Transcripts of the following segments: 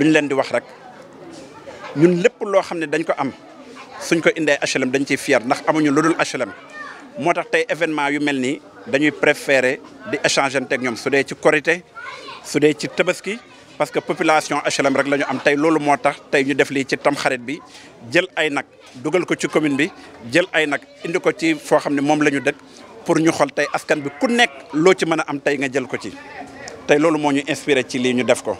bi ñu leen di wax rek ñun lépp loo xam ne dañ ko am suñ ko indee HLM dañ ciy fier ndax amuñu lu dul HLM moo tax tey événement yu mel nii dañuy préféré di échanger teg ñoom su dee ci korité su dee ci tabaski parce que population HLM rek lañu am tey loolu moo tax tey ñu def lii ci tam xarit bi jël ay nag dugal ko ci commune bi jël ay nag indi ko ci foo xam ne moom la ñu dëkk pour ñu xol tey askan bi ku nekk loo ci mën a am tey nga jël ko ci tey loolu moo ñu inspiré ci lii ñu def ko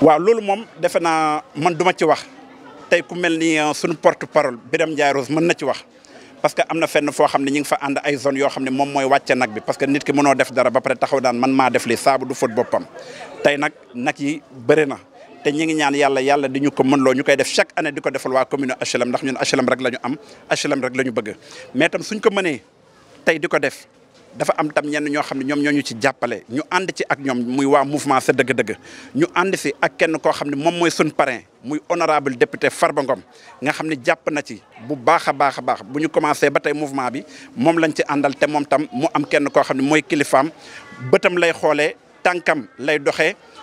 wa ce que je veux man je ci wax que ku euh, porte parole Birame Ndiaye Rose na ci parce que am faire fenn foo xam que je fa que ay zone ne parce que nit ki def dara ba choses taxaw daan man def li du fóot yi te ñaan chaque année de ko commune HLM ndax ñun HLM rek la HLM mais tam suñ ko mënee de dafa am tam ñenn ñoo xam ne ñoom ñoo ñu ci jàppale ñu ànd ci ak ñoom muy waa mouvement sa dëgg-dëgg ñu ànd si ak kenn koo xam ne moom mooy sun parrain muy honorable député Farba nga xam ne jàpp na ci bu baax a baax a baax bu ñu commencé ba tey mouvement bi moom lañ ci àndal te moom tam mu am kenn koo xam ne mooy kilifaam bëtam lay xoolee tànkam lay doxe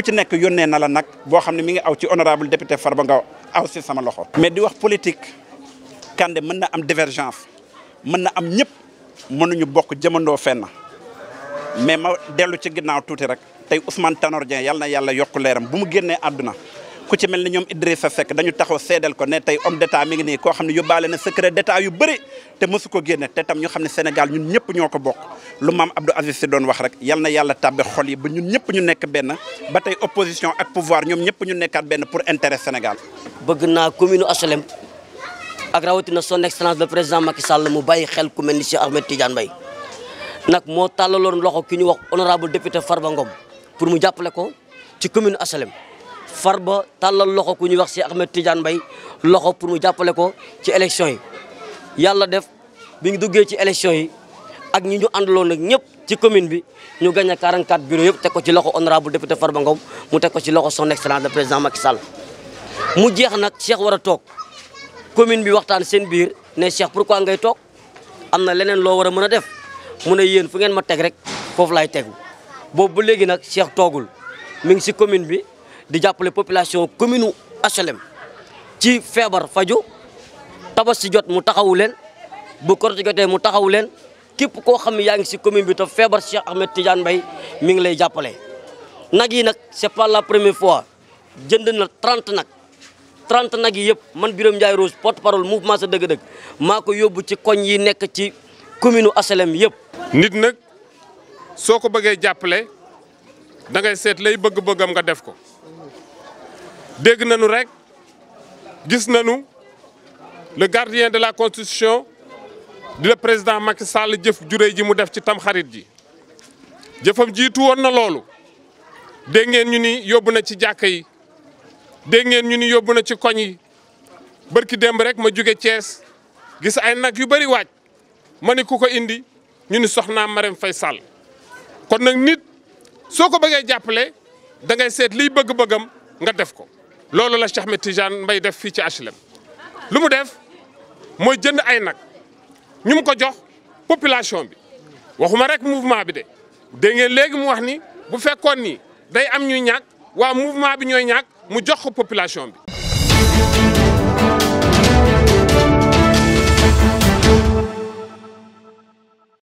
ku ci nekk yónnee na la nag boo xam ne mi ngi aw ci honorable député Farba Ngao aw si sama loxo. mais di wax politique Kandé mën na am divergence mën na am ñëpp mënuñu bokk jëmandoo fenn mais ma dellu ci ginnaaw tuuti rek tey Ousmane Tanor Dieng yàlla na yàlla yokk leeram bu mu génnee àdduna. ku ci mel ne ñoom Idrissa Seck dañu taxaw seedal ko ne tey homme d'état mi ngi nii koo xam ne yóbbaale na secret d'état yu bëri te mësu ko génne te tam ñu xam ne Sénégal ñun ñëpp ñoo ko bokk lu maam Abdou Aziz si doon wax rek yal na yàlla tàbbi xol yi ba ñun ñëpp ñu nekk benn ba tey opposition ak pouvoir ñoom ñëpp ñu nekkaat benn pour intérêt Sénégal bëgg naa commune HLM ak rawatina son excellence le président Macky Sall mu bàyyi xel ku mel ni Cheikh Ahmed Tidiane Mbaye nag moo tàllaloon loxo ki ñu wax honorable député Farba Ngom pour mu jàppale ko ci commune HLM Farba tàllal loxo ku ñu wax si Ahmed Tidiane bay loxo pour mu jàppale ko ci élection yi yàlla def bi ñu duggee ci élection yi ak ñi ñu àndaloon nag ñëpp ci commune bi ñu gagné 44 bureaux yëpp teg ko ci loxo honorable député Farba Ngom mu teg ko ci loxo son excellence le président Macky sal mu jeex nag Cheikh war a toog commune bi waxtaan seen biir ne Cheikh pourquoi ngay toog am na leneen loo war a mën a def mun a yéen fu ngeen ma teg rek foofu laay tegu boobu léegi nag Cheikh toogul di jàppale population commune aselem ci feebar faju tabaski jot mu taxawu leen bu korite jotee mu taxawu leen képp koo xam ne yaa ngi si commune bi ta feebar Cheikh Ahmed Tidiane bay mi ngi lay jàppale. nag yi nag c'est pas la première fois jënd na 30 nag 30 nag yi yëpp man Birame Ndiaye Rose porte parole mouvement sa dëgg-dëgg maa ko yóbbu ci koñ yi nekk ci commune aselem yëpp. nit nag soo ko bëggee jàppale da ngay seet lay bëgg-bëggam nga def ko. dégg nañu rek gis nañu le gardien de la constitution di le président Macky Sall jëf juré ji mu def ci xarit ji jëfam jiitu won na lolu dégg ngeen ñu ni yóbbu na ci jàkka yi ngeen ñu ni yóbbu na ci koñ yi barki demb rek ma juggé Thiès gis ay nak yu bari waaj mané kuko indi ñu ni soxna Marème Faye kon nak nit soko ko jappalé da ngay sét li bëgg-bëggam nga def ko loolu la Cheikh Ahmed Tidiane Mbaye def fii ci HLM lu mu def mooy jënd ay nag ñu mu ko jox population bi waxuma rek mouvement bi de dégg ngeen léegi mu wax ni bu fekkoon ni day am ñuy ñàkk waa mouvement bi ñooy ñàkk mu jox ko population bi.